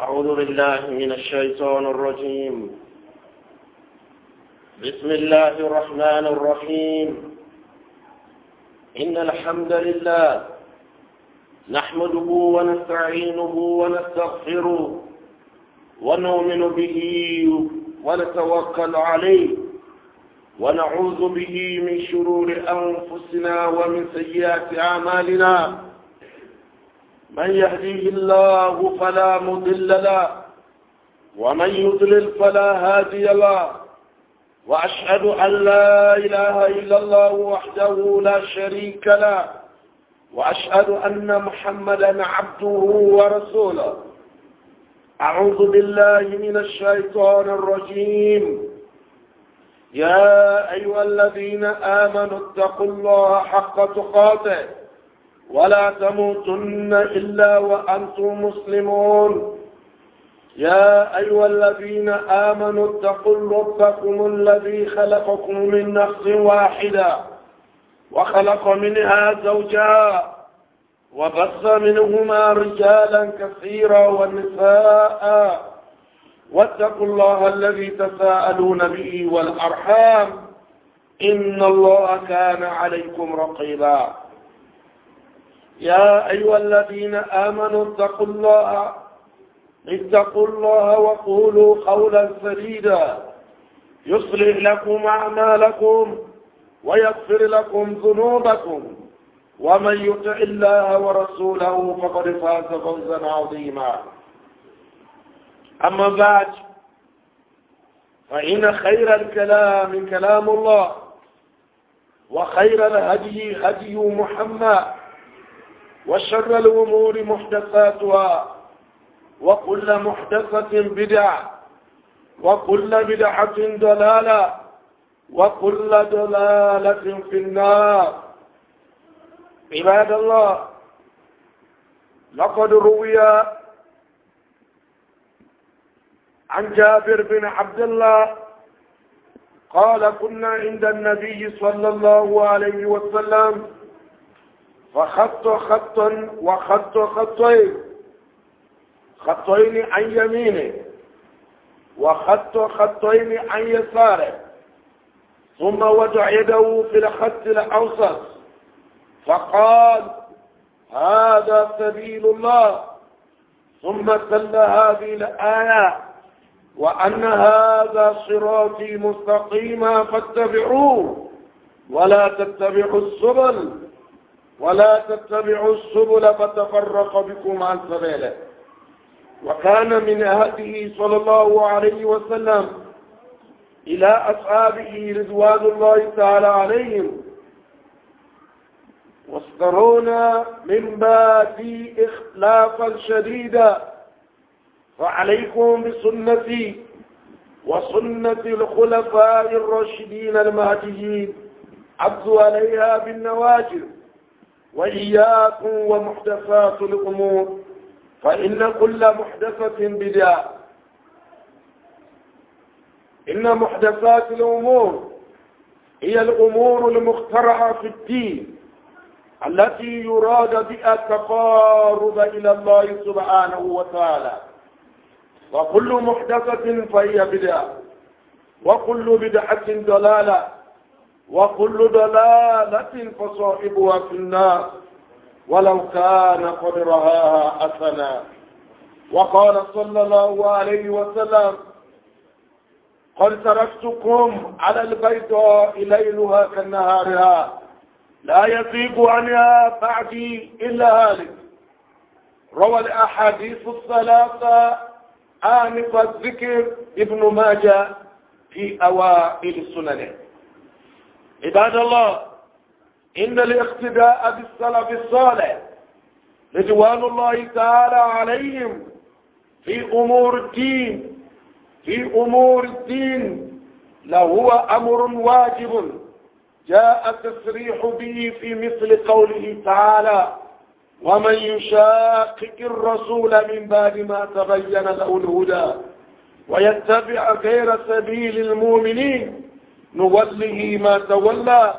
أعوذ بالله من الشيطان الرجيم بسم الله الرحمن الرحيم إن الحمد لله نحمده ونستعينه ونستغفره ونؤمن به ونتوكل عليه ونعوذ به من شرور أنفسنا ومن سيئات أعمالنا من يهديه الله فلا مضل له ومن يضلل فلا هادي له وأشهد أن لا إله إلا الله وحده لا شريك له وأشهد أن محمدا عبده ورسوله أعوذ بالله من الشيطان الرجيم يا أيها الذين آمنوا اتقوا الله حق تقاته ولا تموتن إلا وأنتم مسلمون يا أيها الذين آمنوا اتقوا ربكم الذي خلقكم من نفس واحدة وخلق منها زوجها وبص منهما رجالا كثيرا ونساء واتقوا الله الذي تساءلون به والأرحام إن الله كان عليكم رقيبا يا أيها الذين آمنوا اتقوا الله اتقوا الله وقولوا قولا سديدا يصلح لكم أعمالكم ويغفر لكم ذنوبكم ومن يطع الله ورسوله فقد فاز فوزا عظيما أما بعد فإن خير الكلام كلام الله وخير الهدي هدي محمد وشر الأمور محدثاتها وكل محدثة بدعة وكل بدعة ضلالة وكل ضلالة في النار عباد الله لقد روي عن جابر بن عبد الله قال كنا عند النبي صلى الله عليه وسلم فخط خط وخط خطين خطين عن يمينه وخط خطين عن يساره ثم وضع يده في الخط الأوسط فقال هذا سبيل الله ثم سل هذه الآية وأن هذا صراطي مستقيما فاتبعوه ولا تتبعوا السبل ولا تتبعوا السبل فتفرق بكم عن سبيله وكان من هذه صلى الله عليه وسلم إلى أصحابه رضوان الله تعالى عليهم واصدرونا من بادي إخلافا شديدا فعليكم بسنتي وسنة الخلفاء الراشدين المهديين عبدوا عليها بالنواجذ وإياكم ومحدثات الأمور فإن كل محدثة بدعة إن محدثات الأمور هي الأمور المخترعة في الدين التي يراد بها التقارب إلى الله سبحانه وتعالى وكل محدثة فهي بدعة وكل بدعة ضلالة وكل ضلالة فصاحبها في النار ولو كان قدرها حسنا وقال صلى الله عليه وسلم قد تركتكم على البيضاء ليلها كنهارها لا يزيغ عنها بعدي إلا هالك روى الأحاديث الثلاثة آنف الذكر ابن ماجه في أوائل سننه عباد الله إن الاقتداء بالسلف الصالح رضوان الله تعالى عليهم في أمور الدين في أمور الدين لهو أمر واجب جاء التصريح به في مثل قوله تعالى ومن يشاقق الرسول من بعد ما تبين له الهدى ويتبع غير سبيل المؤمنين نوله ما تولى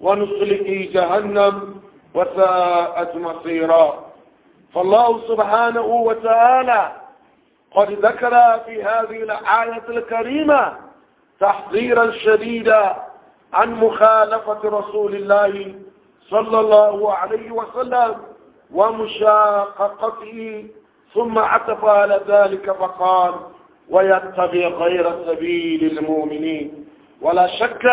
ونصلك جهنم وساءت مصيرا فالله سبحانه وتعالى قد ذكر في هذه الآية الكريمة تحذيرا شديدا عن مخالفة رسول الله صلى الله عليه وسلم ومشاققته ثم عطف على ذلك فقال ويتبع غير سبيل المؤمنين ولا شك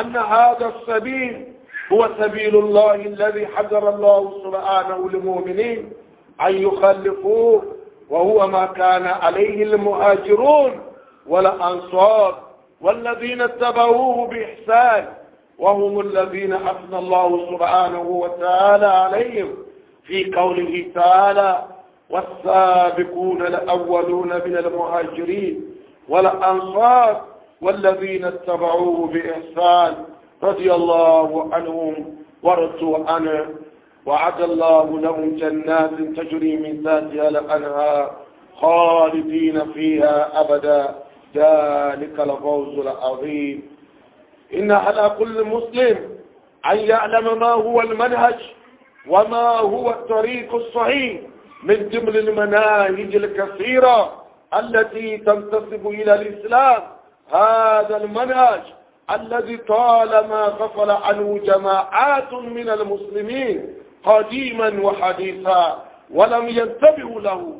أن هذا السبيل هو سبيل الله الذي حذر الله سبحانه للمؤمنين أن يخلفوه وهو ما كان عليه المهاجرون والأنصار والذين اتبعوه بإحسان وهم الذين أثنى الله سبحانه وتعالى عليهم في قوله تعالى والسابقون الأولون من المهاجرين والأنصار والذين اتبعوه بإحسان رضي الله عنهم ورضوا عنه وعد الله لهم جنات تجري من ذاتها لأنها خالدين فيها أبدا ذلك الفوز العظيم إن على كل مسلم أن يعلم ما هو المنهج وما هو الطريق الصحيح من جمل المناهج الكثيرة التي تنتسب إلى الإسلام هذا المنهج الذي طالما غفل عنه جماعات من المسلمين قديما وحديثا ولم ينتبهوا له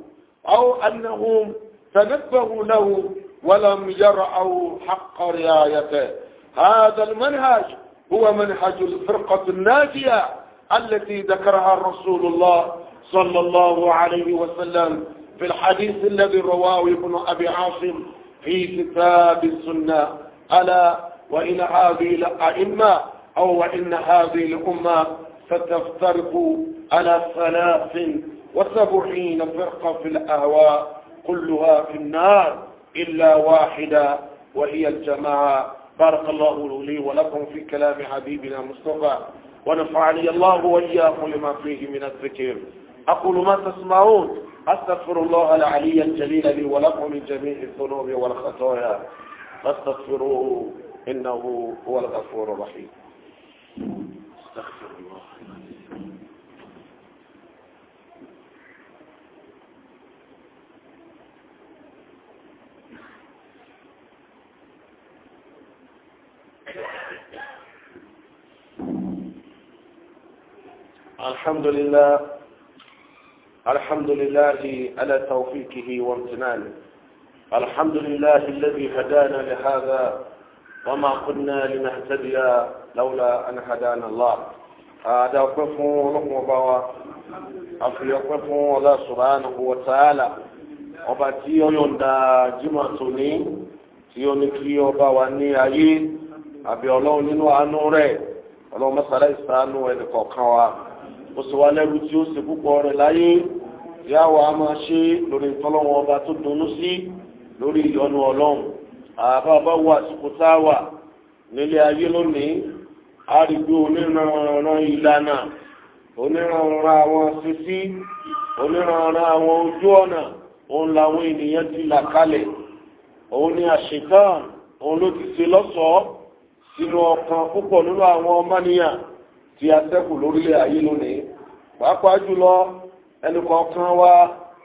أو أنهم تنبهوا له ولم يرعوا حق رعايته هذا المنهج هو منهج الفرقة الناجية التي ذكرها رسول الله صلى الله عليه وسلم في الحديث الذي رواه ابن أبي عاصم في كتاب السنة ألا وإن هذه الأئمة أو وإن هذه الأمة ستفترق على ثلاث وسبعين فرقة في الأهواء كلها في النار إلا واحدة وهي الجماعة بارك الله لي ولكم في كلام حبيبنا مصطفى ونفعني الله وإياكم لما فيه من الذكر أقول ما تسمعون أستغفر الله العلي الجليل لي ولكم من جميع الذنوب والخطايا فاستغفروه إنه هو الغفور الرحيم استغفر الله الحمد لله الحمد لله على توفيقه وامتنانه الحمد لله الذي هدانا لهذا وما كنا لنهتدي لولا أن هدانا الله هذا وقف لهم وبوا أفي وقف الله سبحانه وتعالى ọba tí ó yọ̀nda jímọ̀ tó ní tí ó ní kí ọba wa ní ayé àbí ọlọ́run ó sì wá lẹ́rú tí ó sì púpọ̀ rẹ̀ láyé tí a wà á máa ṣe lórí ìtọ́lọ́wọ́n ọba tó dunnú sí lórí ìyọnu ọlọ́run àbá bá wọ àsìkò tá a wà nílé ayé lónìí a rí pé oníranran ìlànà oníranran àwọn sisi oníranran àwọn ojú ọ̀nà òun làwọn ènìyàn ti là kalẹ̀ òun ni àṣetán òun ló ti ṣe lọ́sọ̀ọ́ sínú ọkàn púpọ̀ nínú àwọn ọmọnìyàn tí a ṣẹ́kù lórílẹ̀ ayé lónìí pàápàá jùlọ ẹnìkọ̀ọ̀kan wa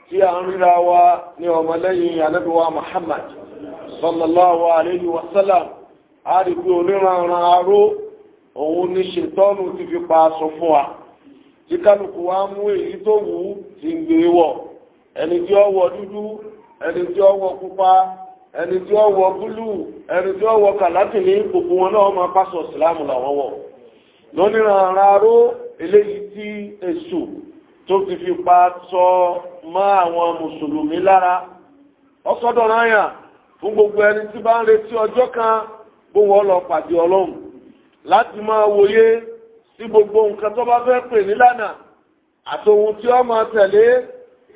tí a ń ríra wa ní ọmọlẹ́yìn ànábì Muhammad sallallahu alayhi wa sallam a rí pé oníranran aró òun ní ṣètọ́nù ti fi pa aṣọ fún wa tí kálukú wa mú èyí tó wù ú ti ń gbé wọ̀ ẹni tí ó wọ̀ dúdú ẹni tí ó wọ̀ pupa ẹni tí ó wọ̀ búlù ẹni tí ó wọ̀ kàlákìní gbogbo wọn náà máa pásọ̀ ìsìlámù làwọn wọ̀ lónìrànra ró eléyìí tí esu? tó ti fi pa musulumi mọ́ àwọn mùsùlùmí lára ọsọ́dọ̀ ráyà fún gbogbo ẹni tí bá ń retí ọjọ́ kan bó wọ́n lọ pàdé ọlọ́run láti máa wòye sí gbogbo nǹkan tó bá fẹ́ pè nílànà àtòhun tí ó máa tẹ̀lé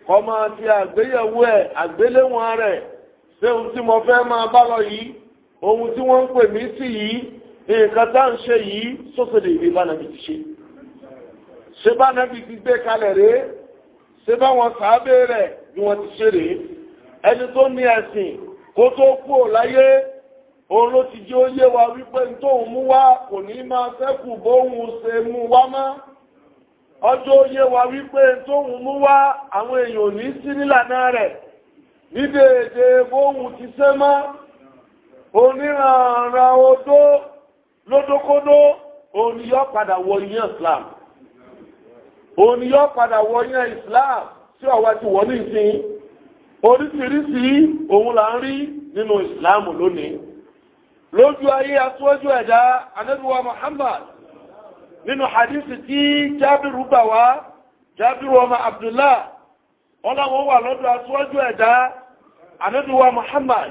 kọ́ máa ti àgbéyẹ̀wò ẹ̀ àgbéléwọ̀n rẹ̀ ṣé ohun tí mo fẹ́ máa bá lọ yìí ohun tí wọ́n ń pè mí sí nǹkan tá ń ṣe yìí sófèdè ìwé bánàbí ti ṣe ṣe bánàbí ti gbé kalẹ̀ rèé ṣe bá wọn sàábé rẹ̀ bí wọ́n ti ṣe rèé ẹni tó ní ẹ̀sìn kó tó kúrò láyé òun ló ti jẹ́ ó yé wa wípé tóun mú wá kò ní máa ṣẹ́kù bóun ṣe mú wá mọ́ ọjọ́ ó wa wípé tóun mú wá àwọn èèyàn ní sí nílànà rẹ̀ ní bóun ti ṣe mọ́ oníranran odó lódókódó òun ni yóò padà wọ iyán islam òun ni yóò padà wọ iyán islam tí ọ̀wá ti wọ̀ ní ìsìn oríṣiríṣi òun là ń rí nínú islam lónìí lójú ayé aṣíwájú ẹ̀dá anábíwá muhammad nínú hadithi tí jábìrú gbà wá jábìrú ọmọ abdullah ọlọ́wọ́ wà lọ́dọ̀ aṣíwájú ẹ̀dá anábíwá muhammad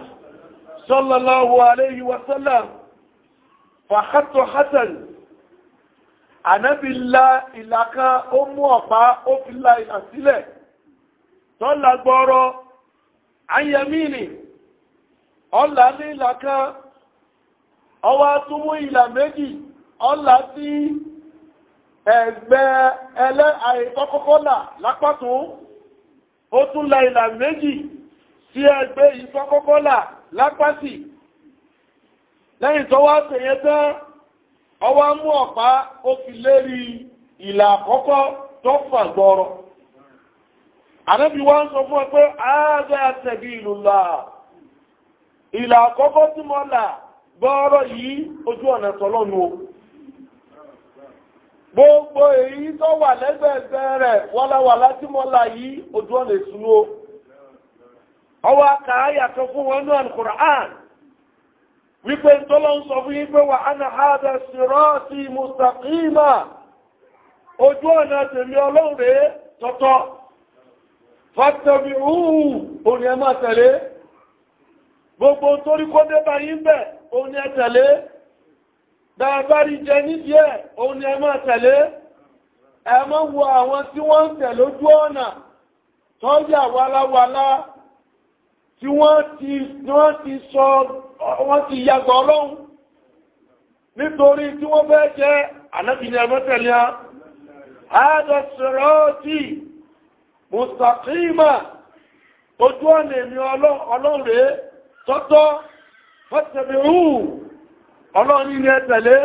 sallallahu alayhi wa sallam fàkàtò hasan ànábì la ìlà kan ó mú ọ̀pá ó fi la ìlà sílẹ̀ tó lágbọ́rọ̀ ayẹmíìnì ọ̀là ní ìlà kan ọwá tún mú ìlà méjì ọ̀là sí ẹgbẹ́ ẹlẹ́ àìkọ́kọ́kọ́là lápàtún ó tún la ìlà méjì sí ẹgbẹ́ ìfọ́kọ́kọ́là lápàtì lẹ́yìn tó wá ṣe tán ọwọ́ mú ọ̀pá ó fi lérí ìlà àkọ́kọ́ tó fà gbọ́rọ̀ ànábì wá ń sọ fún ẹ pé ààrẹ àtẹ̀bí ìlà àkọ́kọ́ tí là yìí ojú ọ̀nà tọ́lọ́nu o gbogbo èyí tó wà lẹ́gbẹ̀ẹ́gbẹ́ rẹ̀ wọ́láwàlá tí là yìí ojú ọ̀nà o ọwọ́ àkàáyà fún wípé tọ́lọ́ ń sọ fún yín pé wà ánà hádà sírọ́ọ̀tì mustaqima ojú ọ̀nà tèmi ọlọ́run rẹ̀ tọ́tọ́ fàtàbí òhù òní ẹ máa tẹ̀lé gbogbo torí kó dé bá yín bẹ̀ òní ẹ tẹ̀lé dáàbárí jẹ nídìí ẹ̀ òní ẹ máa tẹ̀lé tí wọ́n ti sọ wọ́n ti yàgbọ́ ọlọ́run nítorí tí wọ́n fẹ́ jẹ́ ànábìnrin ẹgbẹ́tẹ̀lẹ́ àádọ́ sọ̀rọ̀ọ́tì mustaqima ojú ọ̀nà èmì ọlọ́run rẹ̀ tọ́tọ́ fọ́tẹ̀bẹ̀ hù ọlọ́run ní ẹ̀tẹ̀lẹ́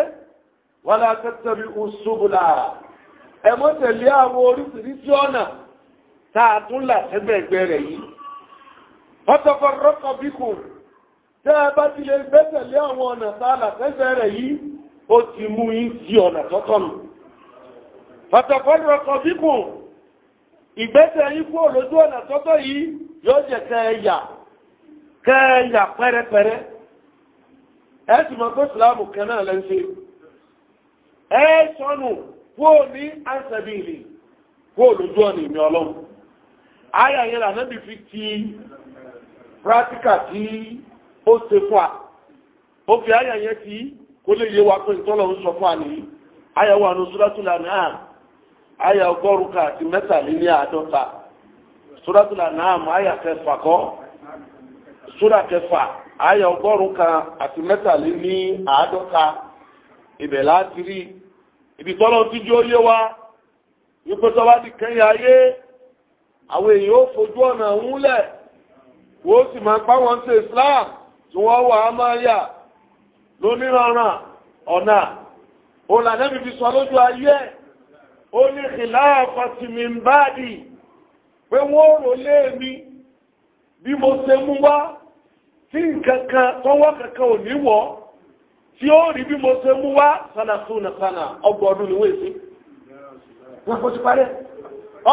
wọ́n lá tẹ́tẹ̀bẹ̀ òṣùbùlà ẹmọ́tẹ̀lẹ́ àwọn orísìírísìí ọ̀nà tààtúnlà ẹgbẹ̀ẹ̀gbẹ̀ rẹ̀ yìí ọ̀tọ̀fọ̀rọ̀kọ̀ bí kò tẹ́ ẹ bá ti lè gbẹ́sẹ̀lé àwọn ọ̀nà tààlà tẹ́sẹ̀ rẹ̀ yìí ó ti mú yín sí ọ̀nà tọ́tọ̀nù ọ̀tọ̀fọ̀rọ̀kọ̀ bí kò ìgbẹ́sẹ̀ yín kúrò lójú ọ̀nà tọ́tọ̀ yìí yóò jẹ́ kẹ́ẹ̀yà kẹ́ẹ̀yà pẹ́rẹ́pẹ́rẹ́ ẹ sì mọ̀ pé ìsìláàmù kan náà lẹ́ ń ṣe ẹ sọnù kúrò ní ansẹ̀bìlì kúrò lójú ọ̀nà ìmì ọlọ́run ayà lànà bí fi ti pírátíkà tí ó se fún à ó fi àyà yẹn tí kó lè yé wa pé ìtọ́lọ̀ ń sọ fún à nìyí àyà wà ní suratul an'am àyà ọgọ́rùn àti mẹ́tàlélẹ́ àádọ́ta suratul an'am àyà kẹfà kọ́ sura kẹfà àyà ọgọ́rùn àti mẹ́tàlélẹ́ ibẹ̀ láti rí wa ti kẹ́yìn ayé àwọn èèyàn ó fojú ọ̀nà ń lẹ̀ wọ́n sì máa pa wọn sí Islam tí wọ́n wà á máa yà lóníranran ọ̀nà olànẹ́bí fi sọ lójú ayé ó ní khilafati min ba'di pé wọ́n rò lé mi bí mo ṣe mú wá tí nǹkankan tọ́wọ́ kankan ò ní wọ́ tí ó rí bí mo ṣe mú wá sánàtúnà sánà ọgbọ̀n ọdún níwé sí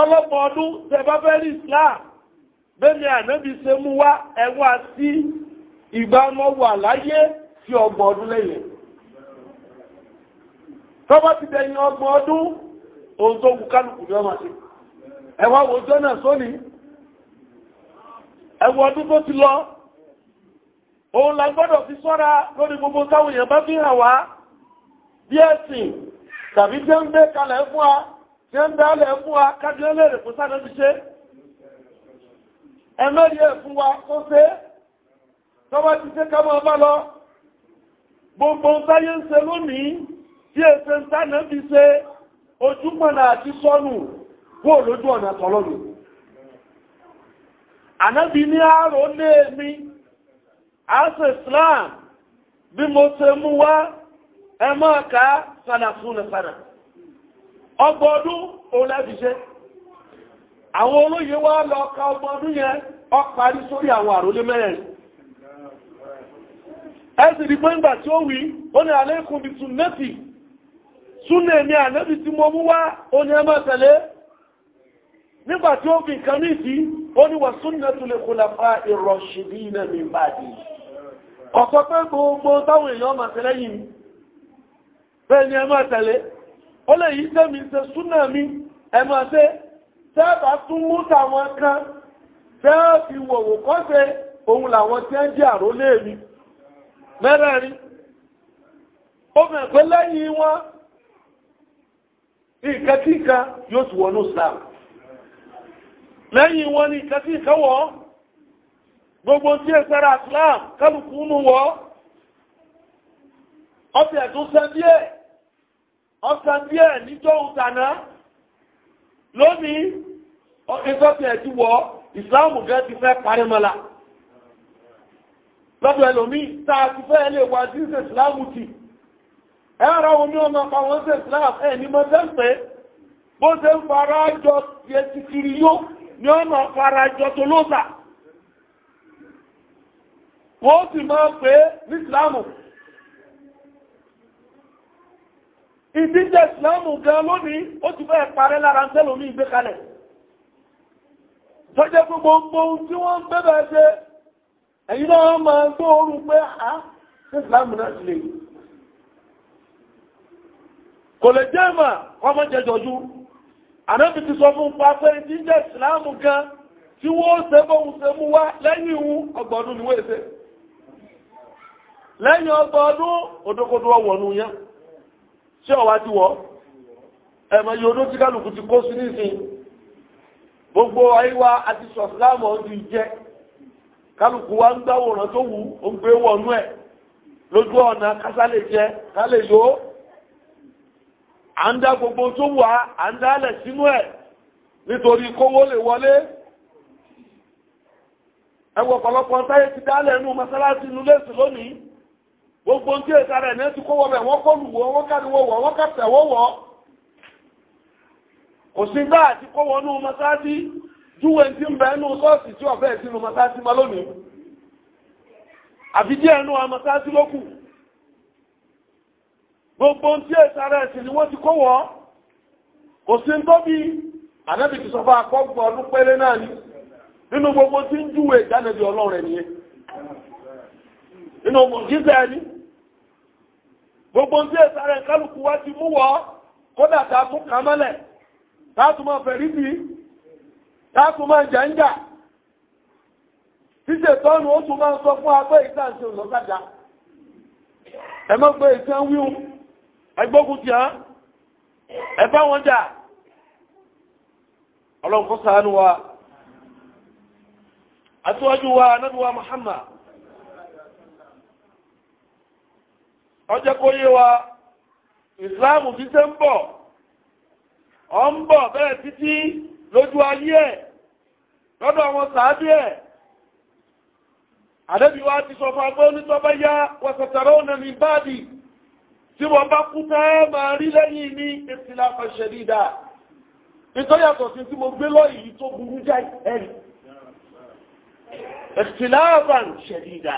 ọlọ́pọ̀ ọdún tẹ́bá fẹ́ rí Islam bẹ́ẹ̀ni ànábì ṣe mú wá ẹwà sí ìgbàmọ́ wà láyé sí ọgbọ̀n ọdún lẹ́yìn tọ́bọ́ ti dẹ̀yìn ọgbọ̀n ọdún ohun tó wù kálùkù ní ọmọ sí ẹwà òjò náà sóní ẹwà ọdún tó ti lọ òun la gbọ́dọ̀ fi sọ́ra lórí gbogbo táwọn èèyàn bá fi hàn wá bí ẹ̀sìn tàbí jẹ́ ń gbé kalẹ̀ fún wa jẹ́ ń dálẹ̀ fún wa kájọ́ lè rè fún sáà ẹ̀mẹ́rí ẹ̀ fún wa tó ṣe tọ́wọ́ ti ṣe ká máa bá lọ gbogbo táyé ń ṣe lónìí tí èsẹ̀ ń tánà fi ṣe ojúpọ̀nà àti sọ́nù kó lójú ọ̀nà tọ́lọ́nù ànábì ní àárò lé mi àṣẹ Islam bí mo ṣe mú wá ẹ máa ká sànàfúnnà sànà òun láti ṣe àwọn olóyè wá lọ ka ọmọ ọdún yẹn ó sórí àwọn àrólé mẹ́rin ẹ̀sìn ìdìbò ìgbà tí ó wí ó ní alaykum bi sunnati súnà ní ànábì tí mo mú wá ó ẹ tẹ̀lé nígbà tí ó ní ìdí ó ní wà sunnatul khulafa'ir rashidina min tẹ́ẹ̀bà tún mú tàwọn kan tẹ́ẹ̀ fi wòwò kọ́sẹ̀ ohun làwọn tí ń jẹ́ àrólé mi mẹ́rẹ̀ẹ̀rin ó lẹ́yìn wọn ìkẹ́kíkà yóò wọ́n ní Islam lẹ́yìn wọn ni ìkẹ́kíkà wọ́ gbogbo tí è sára Islam kálùkù nù wọ́ díẹ̀ ọ̀sẹ̀ níjọ́ lónìí ìtọ́pẹ̀ ẹ̀tí wọ ìsìláàmù gẹ́ ti fẹ́ parímọ́lá lọ́dọ̀ ẹlòmí táà ti fẹ́ ẹlẹ́ wà sí ìsẹ̀ ìsìláàmù ti ẹ̀rọ omi ọmọ pàwọn ìsẹ̀ ìsìláàmù ẹ̀ ní mọ́sẹ́ǹpẹ́ bó ṣe ń fara jọ yẹ ti kiri yó ní ọmọ fara jọ tó lóṣà wọ́n ti máa pé ní ìsìláàmù ìdíje ìsìláàmù gan lónìí ó ti fẹ́ parẹ́ lára ń tẹ́lò ní ìgbékalẹ̀ tọ́jẹ́ gbogbo ohun tí wọ́n ń bẹ́bẹ̀ ṣe ẹ̀yìn náà máa ń tó orú pé a ṣe ìsìláàmù náà lè kò lè jẹ́ mà wọ́n mọ́ jẹjọ jú ànábì ti sọ fún pa pé ìdíje ìsìláàmù gan tí wọ́n ṣe bóhun ṣe mú wá lẹ́yìn ihu ọgbọ̀n ọdún ni wọ́n ṣe lẹ́yìn ọgbọ̀n ọdún òdòkodò ọwọ̀nù yẹn ṣé ọ̀wá ti wọ̀ ẹ̀mọ̀ yìí odó tí kálukú ti kó sí nísìn gbogbo àyíwá àti sọ̀sìlámù ọ̀dùn ìjẹ́ kálukú wa ń gbáwòrán tó wù ó ń gbé wọnú ẹ̀ lójú ọ̀nà kásá lè jẹ ká lè yó à ń dá gbogbo tó wà à ń dálẹ̀ sínú ẹ̀ nítorí kówó lè wọlé ẹwọ ọ̀pọ̀lọpọ̀ táyé ti dálẹ̀ nù mọ́sálásí nulẹ̀ sí lónìí gbogbo ń tí èsà rẹ̀ ní ẹ́ ti kó wọ́bẹ̀ wọ́n kó lùwọ́ wọ́n kárí wọ́wọ́ wọ́n kàtẹ̀ wọ́wọ́ kò sí gbá àti kó wọnú masáàtì júwe tí ń bẹ ẹnu sọ́ọ̀sì tí ọ̀fẹ́ sínú masáàtì ma lónìí àfi díẹ̀ ẹnu masáàtì ló kù gbogbo ń tí èsà rẹ̀ sì ni wọ́n ti kó wọ́ kò sí ń tóbi ànábì ti sọ fún akọ́gbọ̀n ọdún péré náà ni nínú gbogbo tí ń júwe ìdánilẹ̀ ọlọ́run ẹ̀ nìyẹn nínú mọ̀jíṣẹ́ ẹni gbogbo ndị sí ẹ̀sà rẹ̀ wá ti mú wọ́ kódà tààtún kàmọ́lẹ̀ tààtún máa fẹ̀rí bí tààtún máa jẹ́ ń jà títẹ̀ tọ́nù ó tún máa sọ fún agbé ìsáǹsẹ̀ òlọ́sàjá ẹbá wọn jà ọlọ́nkọ́ wa àtúwájú wa ọjọ́ kó yé wa ìsìláàmù fi ṣe ń bọ̀ ọ ń bọ̀ bẹ́ẹ̀ títí lójú ayé ẹ̀ lọ́dọ̀ àwọn sàábí ẹ̀ àdẹ́bí wa ti sọ fún agbóhùn tó bá yá wọ̀sọ̀tàrà ọ̀nà ní báàdì tí wọ́n bá kú tẹ́ máa rí lẹ́yìn ní ìsìlá fẹ̀ṣẹ̀dídà ìtọ́yàtọ̀ sí tí mo gbé lọ́yìn tó burú jáì ẹ̀rì ìsìlá fẹ̀ṣẹ̀dídà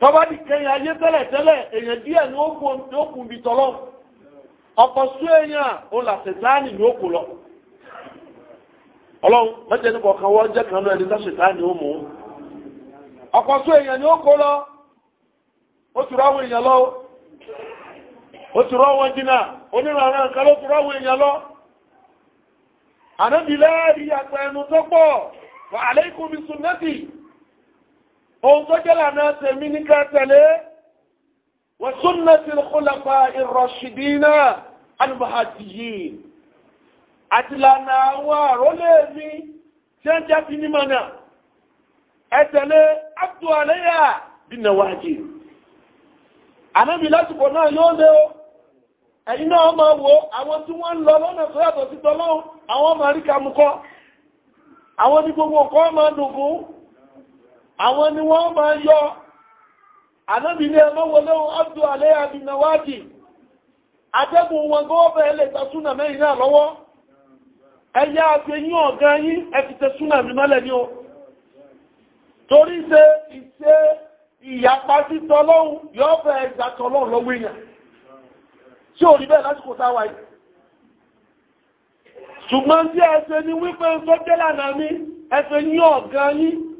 tọ́ba kẹyìn ayé tẹ́lẹ̀ tẹ́lẹ̀ èyàn díẹ̀ ní ó bí tọ́lọ́ ọ̀pọ̀ sú èèyàn ó ní ó lọ. ọlọ́run mẹ́tẹ̀ẹ́ nípa ọ̀kan wọ́n jẹ́ kan ẹni ó mú un. ní lọ ó ti rọ́wọ́ lọ ó ti rọ́wọ́ jìnnà onírànà nǹkan ló ti rọ́wọ́ lọ. àpẹẹnu ohun tó jẹ́ lànà tèmi ní ká tẹ̀lé wa sunnati al-khulafa'i ar-rashidina al-mahdiyyin àti lànà àwọn àrólé mi tí ń jáfi ní mọ̀nà ẹ tẹ̀lé abdu alayya bin nawajid ànábì lásìkò náà yóò lé o ẹ̀yìn náà máa wo àwọn tí wọ́n ń lọ lọ́nà tó yàtọ̀ sí tọ́lọ́hun àwọn ọmọ àríkà mú kọ́ àwọn ní gbogbo nǹkan máa dùn fún àwọn ni wọ́n máa yọ ànábì ní ẹmọ́wọlé abdul alẹ́ abinawadi atẹ́gùn wọn gọ́ọ̀bẹ̀ ẹlẹ́ ìtàsúnà mẹ́rin náà lọ́wọ́ ẹyá àti ẹyí ọ̀gá yí ẹfìtẹ̀ súnà mímọ́lẹ̀ ni ó torí ṣe ìṣe ìyapa sí tọ́lọ́hun yọ́ọ̀bẹ̀ ẹ̀dà tọ́lọ́hun lọ́wọ́ èèyàn tí ò rí bẹ́ẹ̀ lásìkò táwa yìí ṣùgbọ́n tí ẹ̀ṣẹ̀ ni wípé ń sọ́jẹ́lànà ní ẹ̀ṣẹ̀ yí ọ̀gá yìí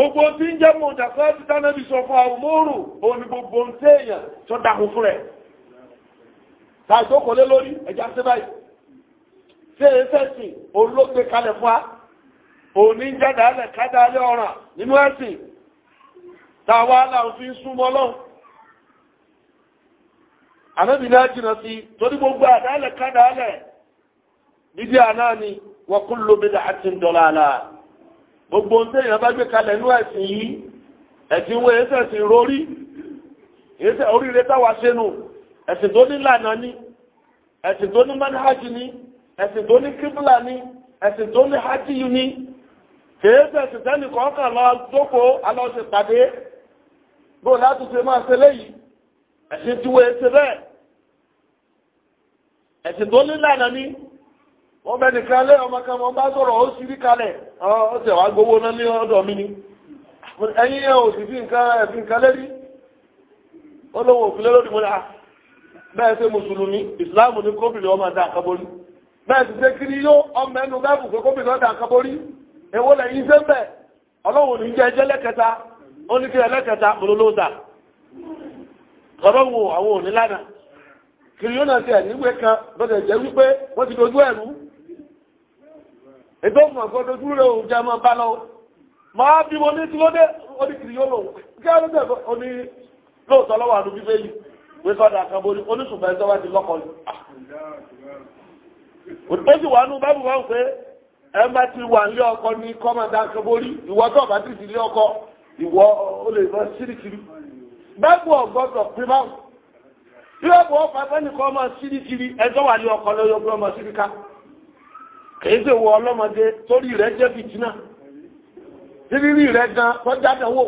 gbogbo tí ń jẹ́ mọ̀jà sọ́ọ́tì tánàbí sọ fún àwòmóòrò òun ni gbogbo ń tẹ́ èèyàn tó dákun fún rẹ̀ tàìtókòlé lórí ẹja sí báyìí tí èyí sẹ́sìn òun ló gbé kalẹ̀ fún wa òun ní jáde alẹ̀ kájá alẹ́ ọ̀ràn nínú ẹ̀sìn táwa aláwọ̀ fi ń súnmọ́ lọ́hùn ànábì náà jìnnà sí torí gbogbo àdálẹ̀ kájá alẹ̀ dídí àná ni gbogbo ohun tẹ́yìn bá gbé kalẹ̀ ní ẹ̀sìn yìí ẹ̀sìn wo èyí sẹ̀sìn rórí èyí sẹ̀ oríire táwa ṣe nù ẹ̀sìn tó ní lànà ni ẹ̀sìn tó ní manhaj ni ẹ̀sìn tó ní kíbla ni ẹ̀sìn tó ní hajiyu ni èyí sẹ̀sìn tẹ́nì kọ̀ọ̀kan lọ jókòó alọ́sẹ̀ pàdé bó láti ṣe máa ṣe léyìí ẹ̀sìn tí wo èyí ṣe bẹ́ẹ̀ ẹ̀sìn tó ní lànà ni. wọ́n bẹ ọmọ kan wọ́n bá sọ̀rọ̀ ó sì rí kalẹ̀ ó sì wá náà ní mi ni ẹ̀yìn ò sì fi nǹkan ẹ̀fi nǹkan lérí ó òfìlẹ́ lórí mọ́lá bẹ́ẹ̀ ṣe mùsùlùmí ìsìláàmù ní kóbìnrin ọmọ àdá àkàbórí bẹ́ẹ̀ ti kiri yó ọmọ ẹnu bẹ́ẹ̀ fùfẹ́ kóbìnrin ọdá àkàbórí èwo lẹ́yìn ṣe ń bẹ̀ ètò ọmọ ọgbọ́dọ̀ dúró ohun jẹ́ ọmọ bá lọ́wọ́ máa bí wọn ní tí wọ́n dé oníkìrì yóò lòun kí á lóde oní lóòótọ́ lọ́wọ́ àánú bíbélì wé sọ́dà kan bó ní oníṣùgbọ́n ẹjọ́ wá ti lọ́kọ̀ ni. ó sì wà nú bábù wọn pé ẹ bá ti wà ní ọkọ ní kọ́mọ̀dá kan bó rí ìwọ tó bá ti sílé ọkọ ìwọ ó lè lọ síríkiri. bábù ọgbọ́dọ̀ pé báwù bí ọ̀pọ̀ ọ̀pá fẹ́nìkan ọmọ síríkiri ẹjọ́ wà ní ọkọ lọ́yọ́ kìí ṣe wọ ọlọ́mọdé torí rẹ̀ jẹ́ fìtínà tírírí rẹ̀ gan tọ́jádánwò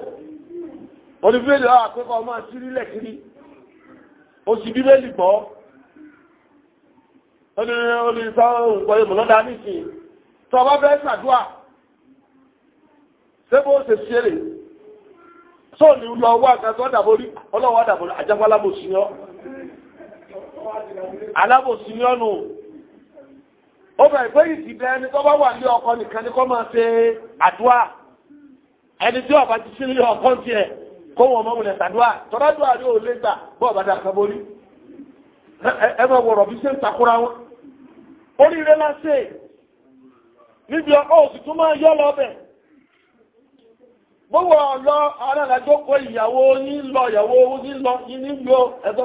onífẹ́lẹ̀ ọ́ àpẹ́kọ̀ ọmọ sírílẹ̀ kiri ó sì bí mẹ́lì gbọ́ sóòlù lọ owó àgbàtọ́ dàbórí ọlọ́wọ́ dàbórí àjágbálábòsí ní ọ́ alábòsí ní ọ́nù ó bẹ̀rẹ̀ pé ìdìbẹ̀ ẹni tó bá wà ní ọkọ nìkan ní kọ́ máa ṣe àdúrà ẹni tí ọba ti sí ní ọkọ tiẹ̀ kó wọn mọ́ wulẹ̀ sàdúrà tọ́ládùn àrí ò lé gbà bọ́ ọba dà kan borí ẹ máa wọ̀rọ̀ bí ṣe ń takura wọn oríire níbi ọkọ òsì ọlọ ìyàwó lọ ìyàwó yín lọ yín bá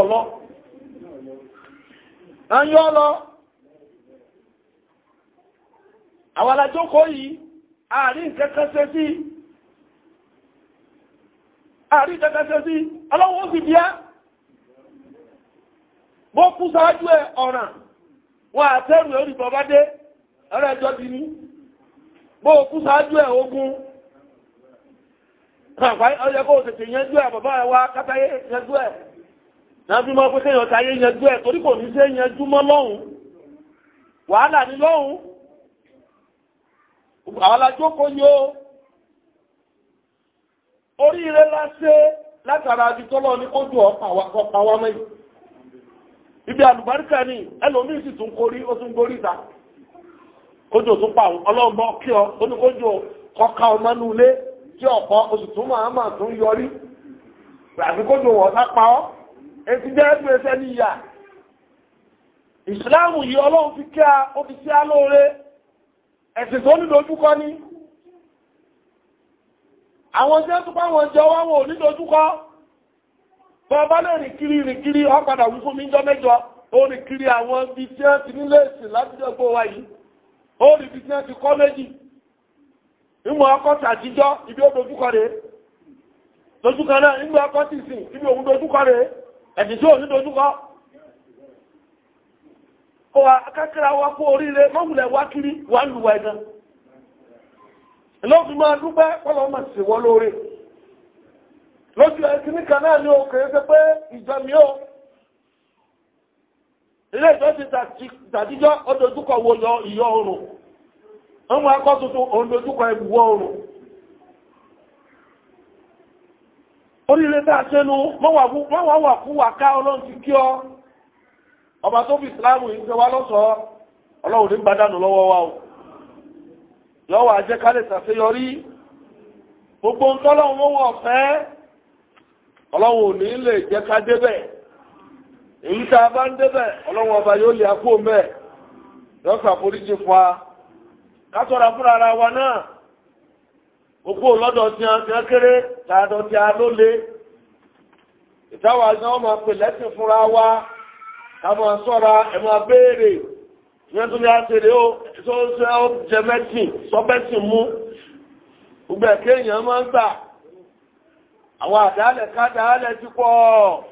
ọlọ. à àwọn alájókòó yìí àárín kẹ́kẹ́sẹ́ sí àárín kẹ́kẹ́sẹ́ sí ọlọ́wọ́ sì bíá bó kú sáájú ẹ ọ̀ràn wọ́n àtẹ́rù orí bọ̀bá dé ọ̀rẹ́ ẹjọ́ ti ní bó kú sáájú ẹ ogun ọjọ́ kó tètè yẹnjú ẹ bàbá ẹ wá kátayé yẹnjú ẹ náà bí mọ́ pé kéèyàn táyé yẹnjú ẹ àwọn alájókò yóò orí ire lásẹ́ látara àti tọ́lọ́ ní kó jù ọ̀pá wa mẹ́yìn ibi àlùbáríkà ni ẹlòmíì sì tún korí ó tún gorí ìta kójú tún pa ọlọ́ọ̀bọ kí ọ ó ní kójú kọ́ka ọmọ inú ilé tí ọ̀pọ̀ oṣù tún máa máa tún yọrí àti kójú wọ̀ sápá ọ́ ẹ̀sìn tó nídojúkọ ní àwọn tí ó tún pàwọn jẹ ọwọ́ wọn ò nídojúkọ bọ́ bá lè rìn kiri rìn kiri ọpadà wí fún mi jọ mẹ́jọ ó rìn kiri àwọn ibi tí ó ti nílé ìsìn láti jẹ́ gbó wa yìí ó rìn ibi tí ó ti kọ́ akákẹ́ra wa kó orire mọ́wùlẹ̀ wá kiri wà ń lùwà ẹ̀gán lọ́sùn máa dúpẹ́ pọ́lọ́ mà sí wọ́n lóore lójú ẹ̀kí ní kanáà o kèrè pé ilé wo yọ ìyọ oòrùn ọmọ tuntun ó a ṣe nu mọ́wàá wà ti kí ọ ọba tó fi ìsìláàmù yìí wa wá lọ́sọ̀ọ́ ọlọ́run ní gbádànù lọ́wọ́ wa o lọ́wọ́ ajẹ́ ká lè gbogbo ń tọ́lọ́run owó ọ̀fẹ́ bá ọba yóò fún ara wa náà òkú lọ́dọ̀ tí a ti wa. kàmọ̀ sọ́ra ẹ̀mọ̀ béèrè nítorí àtẹ̀rẹ̀ ó jẹ mẹ́sìn sọ́bẹ́sìn mú gbogbo ẹ̀kẹ́ èèyàn máa ń gbà àwọn àdáálẹ̀ kádáálẹ̀ ti pọ̀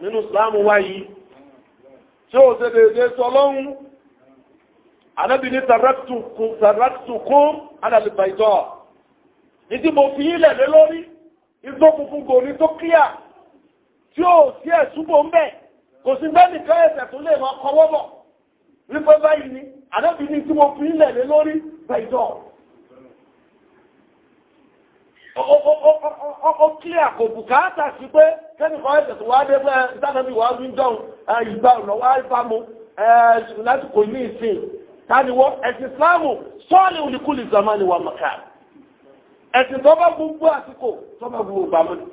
nínú ìsìláàmù wa yìí tí ó ṣe dèdè sọ lọ́hún anábì ní tàràtùkún alàlùbàìtọ̀ ní tí mo fi ilẹ̀ lé lórí tó tí ó sí ń kò sí gbẹ́nì kan ẹ̀sẹ̀ tó lè lọ kọwọ́ bọ̀ wípé báyìí ni àdẹ́bí ní tí mo fi ilẹ̀ lé lórí bẹ̀jọ́ ó kílẹ̀ kò bùkátà sí pé kẹ́nì kan ẹ̀sẹ̀ tó wá dé pé ìtànàbí wà ń jọ ìgbà lọ́wọ́ ìbámu láti kò ní ìsìn tániwọ́ ẹ̀sìn Islamu sọ́ọ̀lì olùkúlì zamani wa maka ẹ̀sìn tó bá gbogbo àsìkò tó bá gbogbo gbàmù ni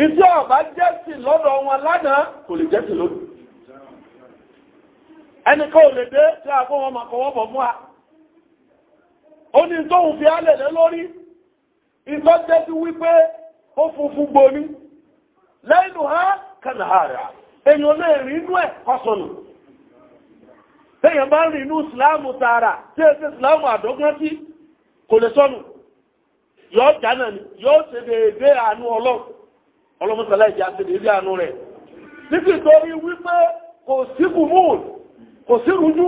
isi ọ̀bá jẹ́sì lọ́dọ̀ wọn lánàá kò lè jẹ́sì lónìí ẹnikọ́ ò lè dé tí a fún wọn bọ̀ mú a ó ní tóhun fi álẹ̀lẹ́ lórí ìjọ jẹ́sì wípé ó funfun gboní lẹ́nu ha kànàhàrà èyàn lè rí inú ẹ̀ kọsọ̀nù rí inú ìsìláàmù tààrà yóò jánà ni yóò ṣe àánú ọlọ́run ọlọ́mọ́sọ̀lá ìjà ti lè rí àánú rẹ̀ nítorí wípé kò sí kùmùn kò sí rújú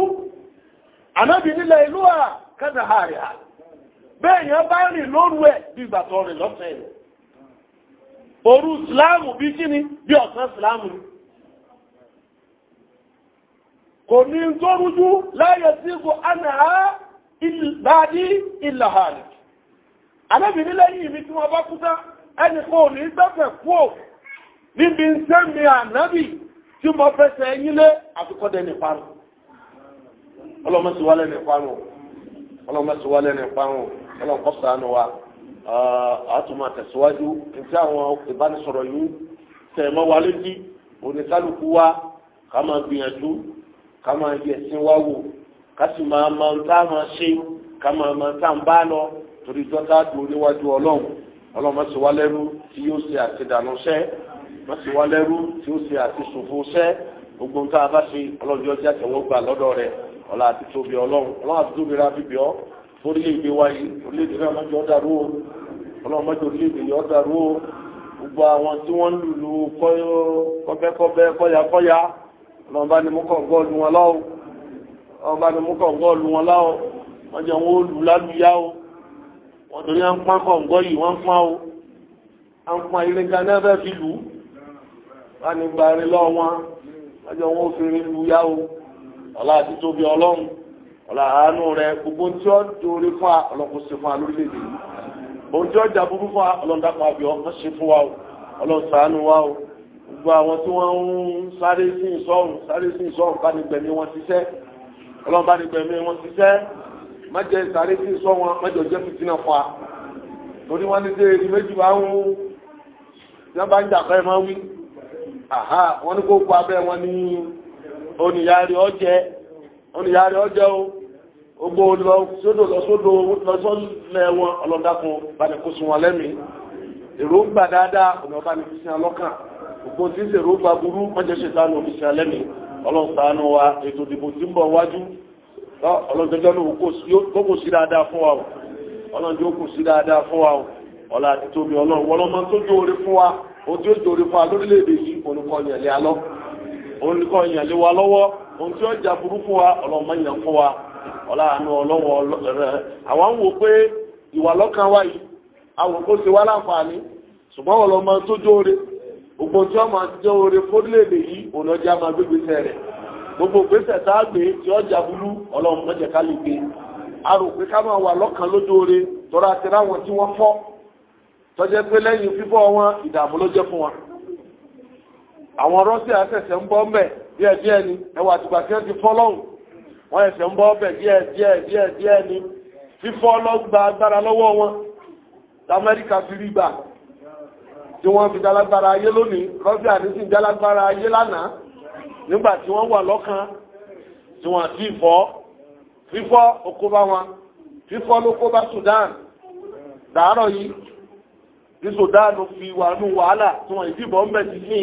ànábì nílẹ̀ ìlú à kẹ́nà àrẹ̀ à bẹ́ẹ̀ yẹn bá rìn lóru ẹ̀ bí ìgbà tó rìn lọ́sẹ̀ rẹ̀ òru ìsìláàmù bí kíni bí ọ̀sán ìsìláàmù ni kò ní tó rújú láyé sí kò ánà á ẹni kò ní gbẹ́fẹ̀ kúò níbi ń sẹ́mi ànábì tí mo fẹsẹ̀ ẹ̀yìn lé àfikọ́dẹ̀ nìparun ọlọ́mọsíwálẹ̀ nìparun ọlọ́mọsíwálẹ̀ nìparun ọlọ́mọkọ́sánú wa àtúmọ̀ tẹ̀síwájú tí àwọn ìbánisọ̀rọ̀ yìí tẹ̀mọ́ wa létí oníkálukú wa ká máa gbìyànjú ká máa yẹ ẹ̀sìn wa wò ká sì máa máa ń tá máa ṣe ká máa máa ń tá ń bá lọ torí jọ́ta dùn níwájú ọlọ́run ọlọ́run mọ̀sí wá lẹ́rú tí yóò ṣe àtidànù sẹ́ mọ̀sí wá lẹ́rú tí yóò ṣe àtisòfò sẹ́ gbogbo nǹkan a bá ṣe ọlọ́run yóò jẹ́ àtẹ̀wọ́ gbà lọ́dọ̀ rẹ̀ ọlọ́run àti tóbi ọlọ́run ọlọ́run àti tóbi rà bíbí ọ́ orílẹ̀-èdè wa yìí orílẹ̀-èdè náà mọ́jọ́ dàrú o ọlọ́run mọ́jọ́ orílẹ̀-èdè yọ dàrú o gbogbo àwọn tí wọ́n ń lùlù kọ́bẹ́kọ́bẹ́ kọ́yakọ́ya ọlọ́run bá ní mú kàn gọ́ọ̀lù wọn láwọ́ ọlọ́run bá ní mú kàn gọ́ọ̀lù wọn láwọ́ wọ́n jẹ́ wọn ó lù lálùyá o ọ̀dọ̀ ní à ń pán kọ̀ǹgọ́ yìí wọ́n ń pán o à ń pán ilé ga náà bẹ́ẹ̀ fi lù ú wá ní gbarí lọ́ wọn wájú wọn ó fèrè lu yá o ọ̀la àti tóbi ọlọ́run ọ̀la àánú rẹ gbogbo tí ó dòre fún wa ọlọ́kùn ṣe fún wa lórílẹ̀‐èdè yìí òun tí ó jà burú fún wa ọlọ́dàpọ̀ àbí ọkàn ṣe fún wa o ọlọ́sàánú wa o gbogbo àwọn tí wọ́n ń sáré sí ìsọ̀rùn sáré sí ìsọ̀rùn bá nígbẹ̀mí wọn ṣiṣẹ́ ọlọ́run bá nígbẹ̀mí wọn ṣiṣẹ́ má jẹ ìsàrí sí sọ wọn má jẹ ọjọ́ fìtínà fa torí wọn ní ṣe èrè méjì bá ń wú bá ń jàpá máa wí àhá wọn ní kó kó wọn ní oníyàrí ọjẹ oníyàrí ọjẹ o gbogbo lọ sódò lọ sódò kó sun wọn dáadáa ọ̀nà ọba ní alọ́kàn tí ń burú tọ́ ọlọ́dọ́jọ́ náà yóò kó sí dáadáa fún wa o ọlọ́dọ́ yóò kó sí dáadáa fún wa o ọlọ́ àti tóbi ọlọ́run wọ́n lọ́mọ tó jóore fún wa o tí ó jóore fún wa lórílẹ̀‐èdè yìí olùkọ́ ìyànlẹ́ alọ́ olùkọ́ ìyànlẹ́ wa lọ́wọ́ ohun tí ó jà burúkú wa ọlọ́mọ yàn fún wa ọlọ́ àánú ọlọ́wọ́ rẹ àwọn ọmọ àtijọ́ oore fórílẹ̀-èdè yìí òun ọjà máa gbégbé sẹ́rẹ̀ gbogbo gbèsè tá a gbé tí ọjà burú ọlọ́run ká a rò pé ká máa wà lọ́kàn lójóore tọ́ra ti ráwọn tí wọ́n fọ́ tọ́jẹ́ pé lẹ́yìn fífọ́ wọn ìdààmú ló jẹ́ fún wọn àwọn ń bọ́ díẹ̀ díẹ̀ ni ẹwà àtìgbà tí wọ́n ti fọ́ lọ́hùn wọ́n ẹ̀ṣẹ̀ ń bọ́ díẹ̀ díẹ̀ díẹ̀ díẹ̀ ni fífọ́ lọ́gba agbára nígbà tí wọ́n wà lọ́kàn tí wọ́n ti fọ́ fífọ́ okó bá wọn fífọ́ ló kó bá Sudan dàárọ̀ yìí ní Sudan fi wà nù wàhálà tí wọ́n ìdìbò ń bẹ̀ sí sí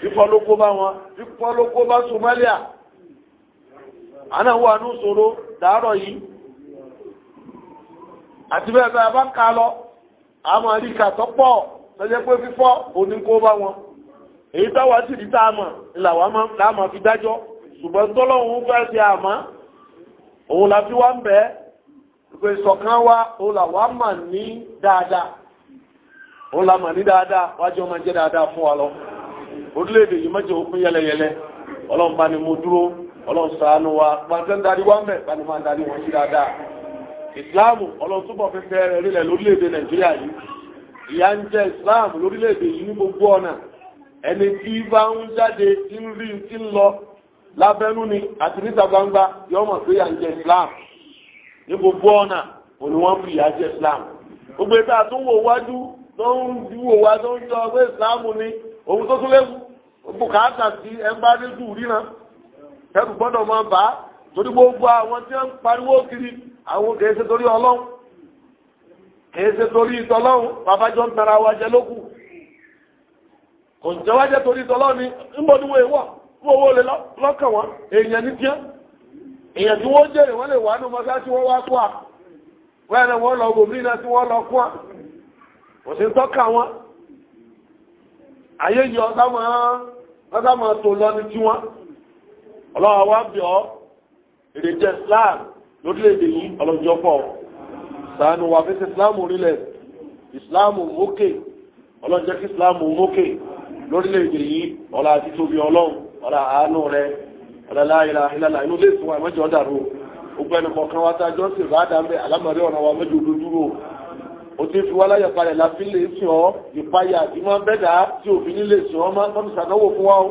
fífọ́ ló wọn fífọ́ ló Somalia àná wà nù ṣòro dàárọ̀ yìí àti bẹ́ẹ̀ bẹ́ẹ̀ bá ká lọ àmọ́ àríkà tọ́pọ̀ lọ́jẹ́ pé fífọ́ òní wọn. èyí táwa sì rí táàmà làwa máa fi dájọ́ ṣùgbọ́n tọ́lọ́hún fẹ́ ṣe àmọ́ òun la fi wá ń bẹ́ẹ̀ pé mà ní dáadáa òun mà ní dáadáa wájú ọmọ jẹ́ dáadáa fún wa lọ orílẹ̀-èdè yìí mọ́jọ òkun yẹlẹyẹlẹ ọlọ́run bá mo dúró ọlọ́run wa ẹni tí bá ń jáde tí ń rí tí ń lọ lábẹ́nú ni àti níta gbangba yóò mọ̀ pé yà ń jẹ Islam ní gbogbo ọ̀nà òní wọ́n fi ìyà jẹ Islam gbogbo ìta tó wò wájú tó ń wò wá tó ń jọ pé Islam ni òun tó tún léwu bùkátà sí ẹgbẹ́ adéjú ríran ẹrù gbọ́dọ̀ máa bá torí gbogbo àwọn tí wọ́n pariwo kiri àwọn kèése torí Ọlọ́run kèése torí ìtọ́lọ́run bàbá jọ ń tara wa lókùn kò ń jẹ́wọ́ jẹ́ torí tọ́lọ́ ni ńbọ̀ ni wọ́n lè lọ́kàn wọn èèyàn ní díẹ̀ èèyàn tí wọ́n jèrè wọ́n lè wà nù mọ́sá tí wọ́n wá kú à wọ́n wọ́n lọ gòmí náà tí wọ́n lọ kú à kò sí tọ́ka wọn ayé yọ sáàmà tó lọ ní tí wọ́n bí èdè jẹ́ Islam lórílẹ̀-èdè yìí ọlọ́jọ́ pọ̀ sàánù Islam orílẹ̀ lórílẹ̀-èdè yìí ọlá àti tóbi ọlọ́run ọlá àánú rẹ̀ ọlá láìra ìlànà inú lè sùn àmọ́jọ́ dàrú gbogbo ẹnu kọ̀ọ̀kan wa tá a jọ ń sìn ráàdà ń bẹ alámọ̀rí ọ̀nà wa mẹ́jọ dúdúró o ti fi wá láyọ̀ palẹ̀ láfi lè sìn ọ́ ìpayà ìmọ̀ bẹ́dà tí òfin nílé sìn ọ́ máa ń sàdánwò fún wa o.